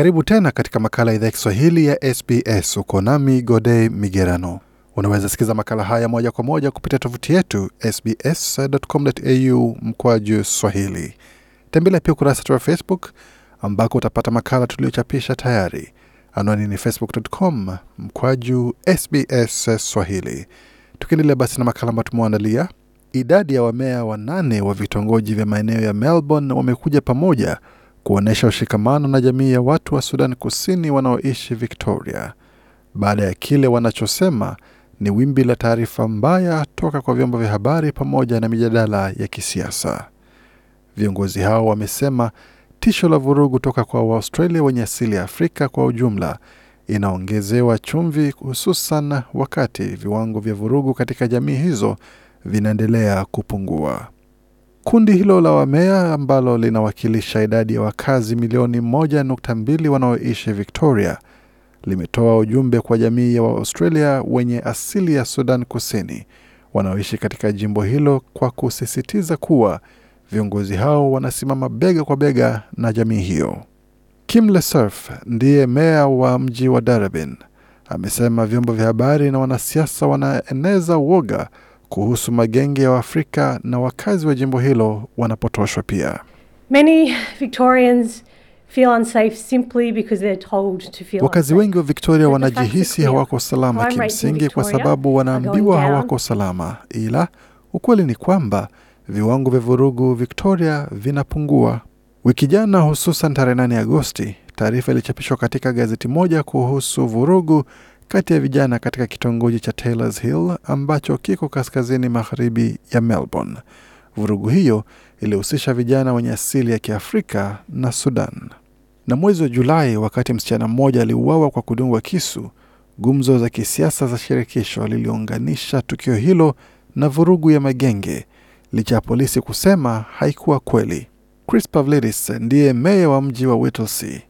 Karibu tena katika makala ya idhaa ya Kiswahili ya SBS. Uko nami Gode Migerano. Unaweza sikiza makala haya moja kwa moja kupitia tovuti yetu sbs.com.au mkwaju swahili. Tembelea pia ukurasa wetu wa Facebook ambako utapata makala tuliochapisha tayari. Anwani ni facebook.com mkwaju sbs swahili. Tukiendelea basi na makala ambayo tumewaandalia, idadi ya wamea wanane wa vitongoji vya maeneo ya Melbourne wamekuja pamoja kuonyesha ushikamano na jamii ya watu wa Sudan Kusini wanaoishi Victoria baada ya kile wanachosema ni wimbi la taarifa mbaya toka kwa vyombo vya habari pamoja na mijadala ya kisiasa. Viongozi hao wamesema tisho la vurugu toka kwa Waaustralia wenye asili ya Afrika kwa ujumla inaongezewa chumvi, hususan wakati viwango vya vurugu katika jamii hizo vinaendelea kupungua. Kundi hilo la wameya ambalo linawakilisha idadi ya wakazi milioni moja nukta mbili wanaoishi Victoria limetoa ujumbe kwa jamii ya Waaustralia wenye asili ya Sudan Kusini wanaoishi katika jimbo hilo kwa kusisitiza kuwa viongozi hao wanasimama bega kwa bega na jamii hiyo. Kim Lesurf ndiye meya wa mji wa Darabin, amesema vyombo vya habari na wanasiasa wanaeneza woga kuhusu magenge ya Waafrika na wakazi wa jimbo hilo wanapotoshwa pia. Many Victorians feel unsafe simply because they're told to feel wakazi wengi wa Victoria wanajihisi hawako salama kimsingi kwa sababu wanaambiwa hawako salama, ila ukweli ni kwamba viwango vya vurugu Victoria vinapungua. Wiki jana, hususan tarehe 8 Agosti, taarifa ilichapishwa katika gazeti moja kuhusu vurugu kati ya vijana katika kitongoji cha Taylors Hill ambacho kiko kaskazini magharibi ya Melbourne. Vurugu hiyo ilihusisha vijana wenye asili ya Kiafrika na Sudan. Na mwezi wa Julai, wakati msichana mmoja aliuawa kwa kudungwa kisu, gumzo za kisiasa za shirikisho liliunganisha tukio hilo na vurugu ya magenge, licha ya polisi kusema haikuwa kweli. Chris Pavlidis ndiye meya wa mji wa Whittlesea.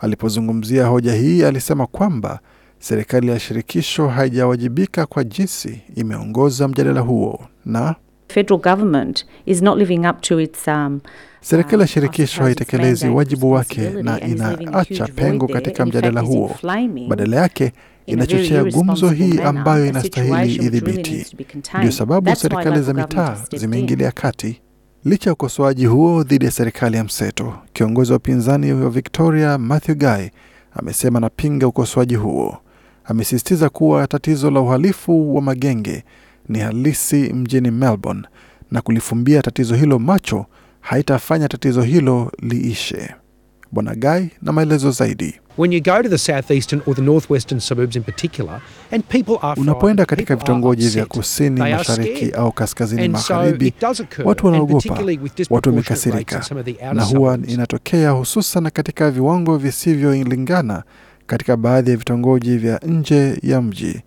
Alipozungumzia hoja hii, alisema kwamba serikali ya shirikisho haijawajibika kwa jinsi imeongoza mjadala huo na Federal government is not living up to its, um, serikali ya uh, shirikisho haitekelezi wajibu wake na inaacha pengo katika mjadala huo. Badala yake inachochea gumzo hii ambayo inastahili idhibiti. Ndio sababu serikali za mitaa zimeingilia kati. Licha ya ukosoaji huo dhidi ya serikali ya mseto, kiongozi wa upinzani wa Victoria Matthew Guy amesema anapinga ukosoaji huo amesisitiza kuwa tatizo la uhalifu wa magenge ni halisi mjini Melbourne na kulifumbia tatizo hilo macho haitafanya tatizo hilo liishe. Bwana Gai na maelezo zaidi. Unapoenda katika vitongoji vya kusini mashariki au kaskazini magharibi, watu wanaogopa, watu wamekasirika, na huwa inatokea hususan katika viwango visivyolingana katika baadhi ya vitongoji vya nje ya mji,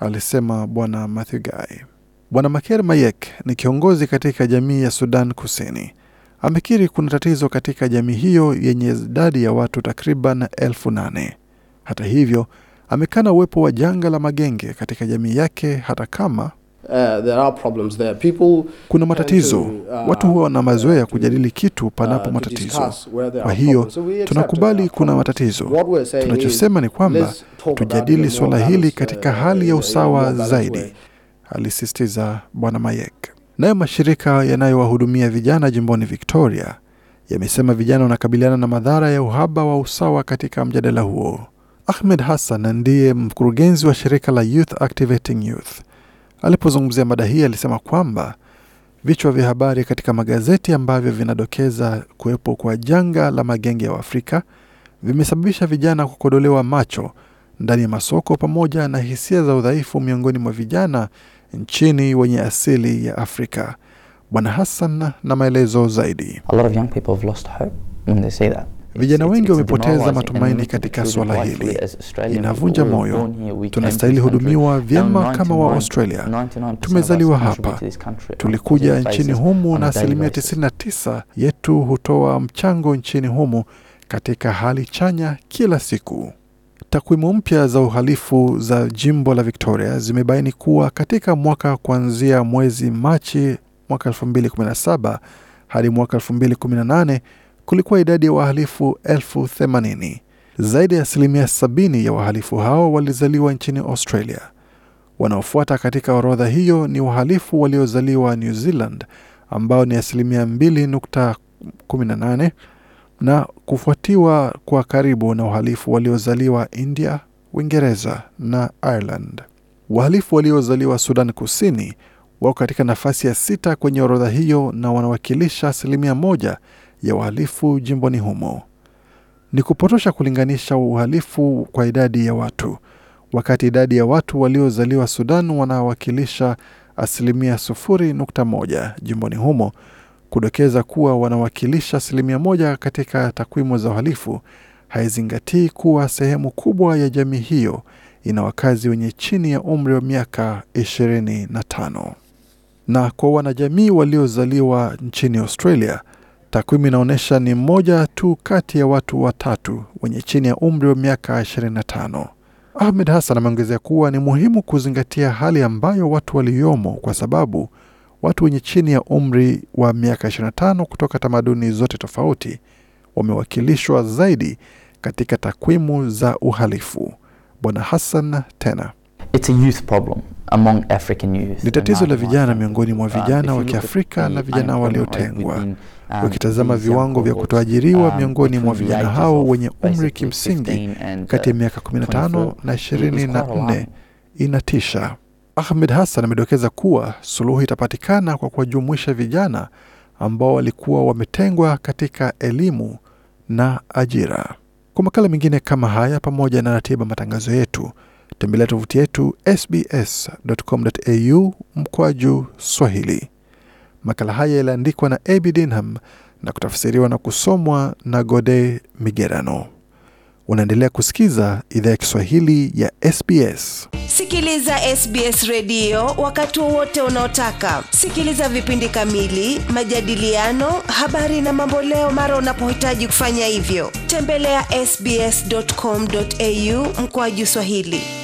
alisema Bwana Mathugai. Bwana Maker Mayek ni kiongozi katika jamii ya Sudan Kusini. Amekiri kuna tatizo katika jamii hiyo yenye idadi ya watu takriban elfu nane. Hata hivyo, amekana uwepo wa janga la magenge katika jamii yake hata kama Uh, kuna matatizo, uh, watu huwa wana uh, mazoea ya kujadili kitu panapo matatizo. Kwa hiyo tunakubali kuna matatizo. Tunachosema ni kwamba tujadili suala hili katika hali ya usawa zaidi, alisisitiza Bwana Mayek. Nayo mashirika yanayowahudumia vijana jimboni Victoria yamesema vijana wanakabiliana na madhara ya uhaba wa usawa katika mjadala huo. Ahmed Hassan ndiye mkurugenzi wa shirika la Youth Activating Youth. Alipozungumzia mada hii, alisema kwamba vichwa vya habari katika magazeti ambavyo vinadokeza kuwepo kwa janga la magenge ya Waafrika vimesababisha vijana kukodolewa macho ndani ya masoko pamoja na hisia za udhaifu miongoni mwa vijana nchini wenye asili ya Afrika. Bwana Hassan na maelezo zaidi. A lot of young people have lost hope when they say that. Vijana wengi wamepoteza matumaini katika suala hili, inavunja moyo. Tunastahili hudumiwa vyema kama wa Australia. Tumezaliwa hapa, tulikuja nchini humu, na asilimia 99 yetu hutoa mchango nchini humu katika hali chanya kila siku. Takwimu mpya za uhalifu za jimbo la Victoria zimebaini kuwa katika mwaka kuanzia mwezi Machi mwaka 2017 hadi mwaka 2018 kulikuwa idadi ya wahalifu elfu themanini. Zaidi ya asilimia sabini ya wahalifu hao walizaliwa nchini Australia. Wanaofuata katika orodha hiyo ni wahalifu waliozaliwa New Zealand ambao ni asilimia 2.18 na kufuatiwa kwa karibu na wahalifu waliozaliwa India, Uingereza na Ireland. Wahalifu waliozaliwa Sudan Kusini wako katika nafasi ya sita kwenye orodha hiyo na wanawakilisha asilimia moja ya uhalifu jimboni humo. Ni kupotosha kulinganisha uhalifu kwa idadi ya watu, wakati idadi ya watu waliozaliwa Sudan wanawakilisha asilimia 0.1 jimboni humo, kudokeza kuwa wanawakilisha asilimia moja katika takwimu za uhalifu haizingatii kuwa sehemu kubwa ya jamii hiyo ina wakazi wenye chini ya umri wa miaka 25. Na kwa wanajamii waliozaliwa nchini Australia, Takwimu inaonyesha ni mmoja tu kati ya watu watatu wenye chini ya umri wa miaka 25. Ahmed Hassan ameongezea kuwa ni muhimu kuzingatia hali ambayo watu waliomo, kwa sababu watu wenye chini ya umri wa miaka 25 kutoka tamaduni zote tofauti wamewakilishwa zaidi katika takwimu za uhalifu. Bwana Hassan tena It's a youth problem. Among African youth, ni tatizo la vijana miongoni mwa uh, vijana wa Kiafrika na vijana waliotengwa. Um, Ukitazama viwango vya kutoajiriwa um, miongoni mwa vijana hao wenye umri kimsingi uh, kati ya miaka 15 na 24 inatisha. Ahmed Hassan amedokeza kuwa suluhu itapatikana kwa kuwajumuisha vijana ambao walikuwa wametengwa katika elimu na ajira. Kwa makala mengine kama haya, pamoja na ratiba matangazo yetu Tembelea tovuti yetu sbs.com.au mkwaju Swahili. Makala haya yaliandikwa na Abi Dinham na kutafsiriwa na kusomwa na Gode Migerano. Unaendelea kusikiza idhaa ya Kiswahili ya SBS. Sikiliza SBS redio wakati wowote unaotaka. Sikiliza vipindi kamili, majadiliano, habari na mamboleo mara unapohitaji kufanya hivyo. Tembelea ya sbs.com.au mkoaju Swahili.